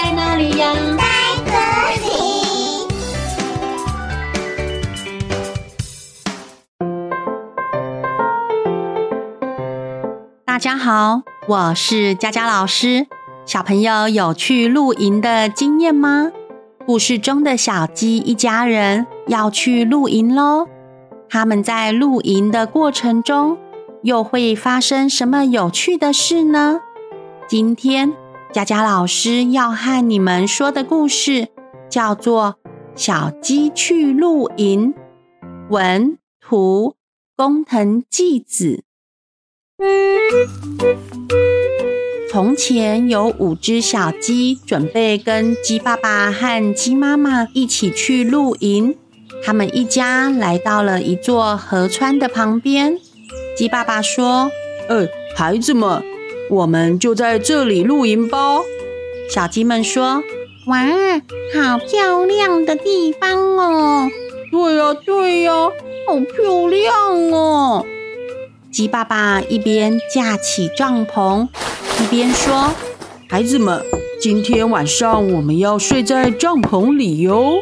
在哪裡呀？在這裡。大家好，我是佳佳老師。小朋友有去露營的經驗嗎？故事中的小雞一家人要去露營嘍。他們在露營的過程中，又會發生什麼有趣的事呢？今天。佳佳老師要和你們說的故事叫做《小雞去露營》，文圖工藤紀子。從前有五隻小雞，準備跟雞爸爸和雞媽媽一起去露營。他們一家來到了一座河川的旁邊。雞爸爸說：“嗯、欸，孩子們。”我們就在這裡露營吧，小雞們說：“哇，好漂亮的地方哦！”對呀，對呀，好漂亮哦！雞爸爸一邊架起帳篷，一邊說：“孩子們，今天晚上我們要睡在帳篷裡喲！”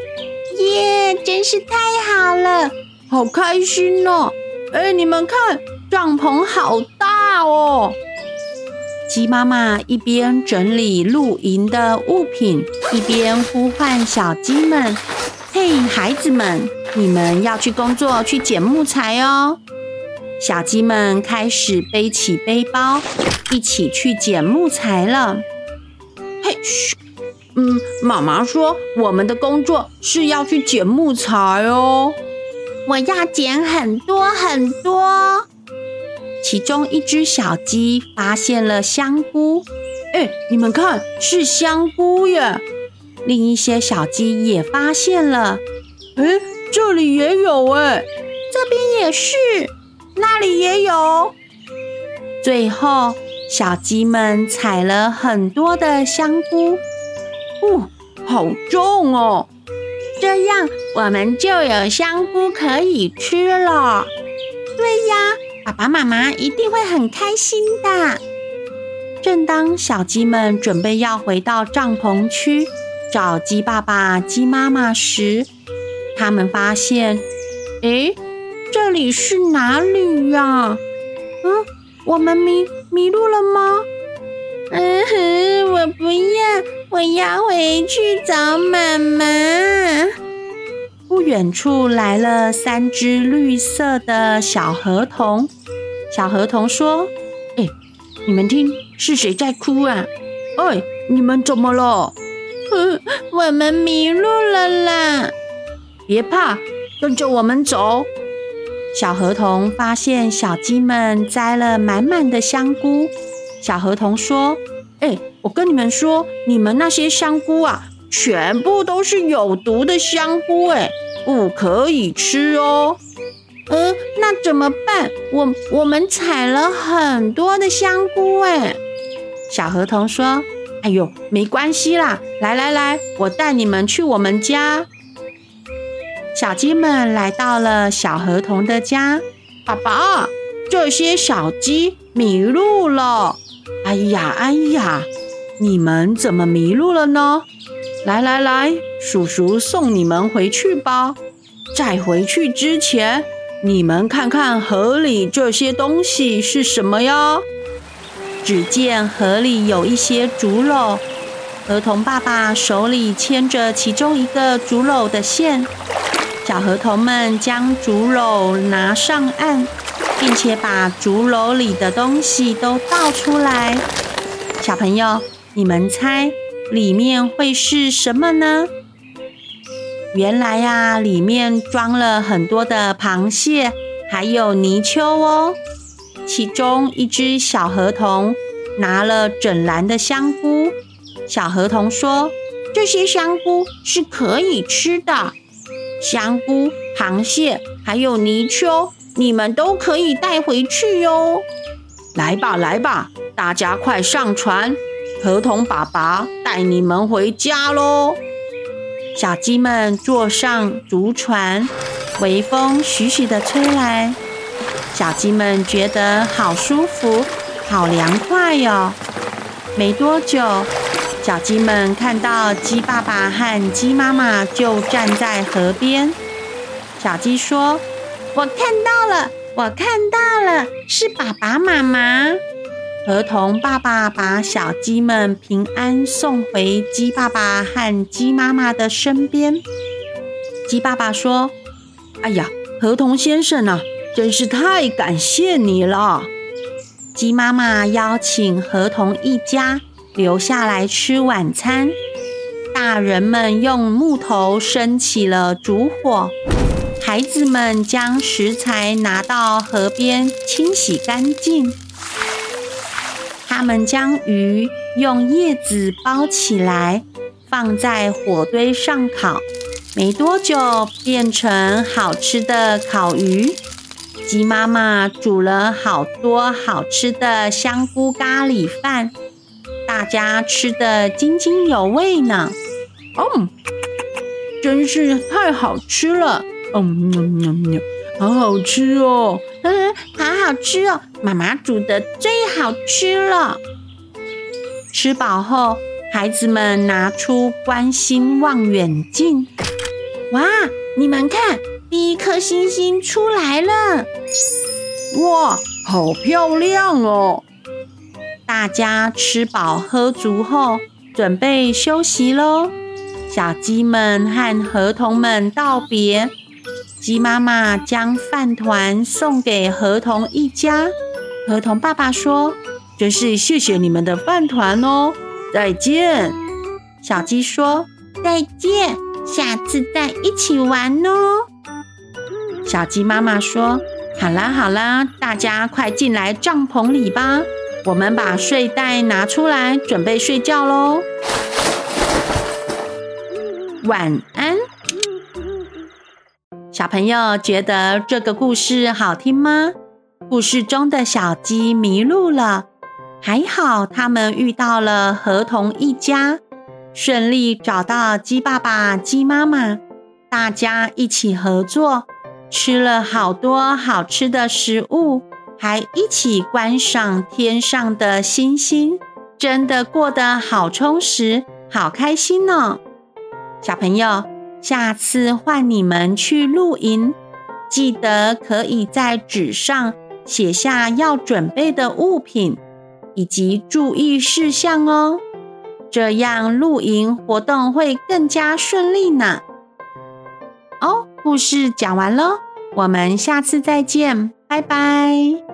耶，真是太好了，好開心呢！哎，你們看，帳篷好大哦！雞媽媽一邊整理露營的物品，一邊呼喚小雞們：“嘿，孩子們，你們要去工作，去撿木材哦。”小雞們開始背起背包，一起去撿木材了。“嘿咻，嗯，媽媽說我們的工作是要去撿木材哦。”我要撿很多很多。其中一隻小雞發現了香菇，哎，你們看，是香菇耶！另一些小雞也發現了，哎，這裡也有哎，這邊也是，那裡也有。最後，小雞們採了很多的香菇，哦，好重哦！這樣我們就有香菇可以吃了。對呀。爸爸媽媽一定會很開心的。正當小雞們準備要回到帳篷區找雞爸爸、雞媽媽時，他們發現，誒，這裡是哪裡呀？嗯，我們迷迷路了嗎？嗯哼，我不要，我要回去找媽媽。不遠處來了三隻綠色的小河童。小河童說：“哎、欸，你們聽是誰在哭啊？哎、欸，你們怎麼了？嗯，我們迷路了啦！別怕，跟着我們走。”小河童發現小雞們摘了滿滿的香菇。小河童說：“哎、欸，我跟你們說，你們那些香菇啊，全部都是有毒的香菇，欸，哎，不可以吃哦。”嗯，那怎麼辦？我我們採了很多的香菇哎、欸。小河童說：“哎呦，沒關係啦，來來來，我帶你們去我們家。”小雞們來到了小河童的家。爸爸，這些小雞迷路了。哎呀，哎呀，你們怎麼迷路了呢？來來來，叔叔送你們回去吧。在回去之前。你們看看河裡這些東西是什麼喲。只見河裡有一些竹簍，河童爸爸手裡牽着其中一個竹簍的線，小河童們將竹簍拿上岸，並且把竹簍裡的東西都倒出來。小朋友，你們猜裡面會是什麼呢？原來呀、啊，裡面裝了很多的螃蟹，還有泥鰍哦。其中一隻小河童拿了整籃的香菇。小河童說：“這些香菇是可以吃的，香菇、螃蟹還有泥鰍，你們都可以帶回去喲。”來吧，來吧，大家快上船，河童爸爸帶你們回家咯。小雞們坐上竹船，微風徐徐的吹來，小雞們覺得好舒服，好涼快喲、哦。沒多久，小雞們看到雞爸爸和雞媽媽就站在河邊。小雞說：“我看到了，我看到了，是爸爸媽媽。”河童爸爸把小雞們平安送回雞爸爸和雞媽媽的身邊。雞爸爸說：“哎呀，河童先生啊，真是太感謝你了！”雞媽媽邀請河童一家留下來吃晚餐。大人們用木頭升起了燭火，孩子們將食材拿到河邊清洗乾淨。他們將魚用葉子包起來，放在火堆上烤，沒多久變成好吃的烤魚。雞媽媽煮了好多好吃的香菇咖喱飯，大家吃得津津有味呢。嗯、哦，真是太好吃了。嗯，好好吃哦。嗯好吃哦，媽媽煮的最好吃了。吃飽後，孩子們拿出觀星望遠鏡，哇，你們看，第一顆星星出來了，哇，好漂亮哦！大家吃飽喝足後，準備休息嘍。小雞們和河童們道別。雞媽媽將飯糰送給河童一家。河童爸爸說：“真是謝謝你們的飯糰哦，再見。”小雞說：“再見，下次再一起玩哦。”小雞媽媽說：“好啦好啦，大家快進來帳篷裡吧，我們把睡袋拿出來，準備睡覺嘍。晚安。”小朋友覺得這個故事好聽嗎？故事中的小雞迷路了，還好它們遇到了河童一家，順利找到雞爸爸、雞媽媽，大家一起合作，吃了好多好吃的食物，還一起觀賞天上的星星，真的過得好充實、好開心呢，哦！小朋友。下次換你們去露營，記得可以在紙上寫下要準備的物品以及注意事項哦，這樣露營活動會更加順利呢。哦，故事講完了，我們下次再見，拜拜。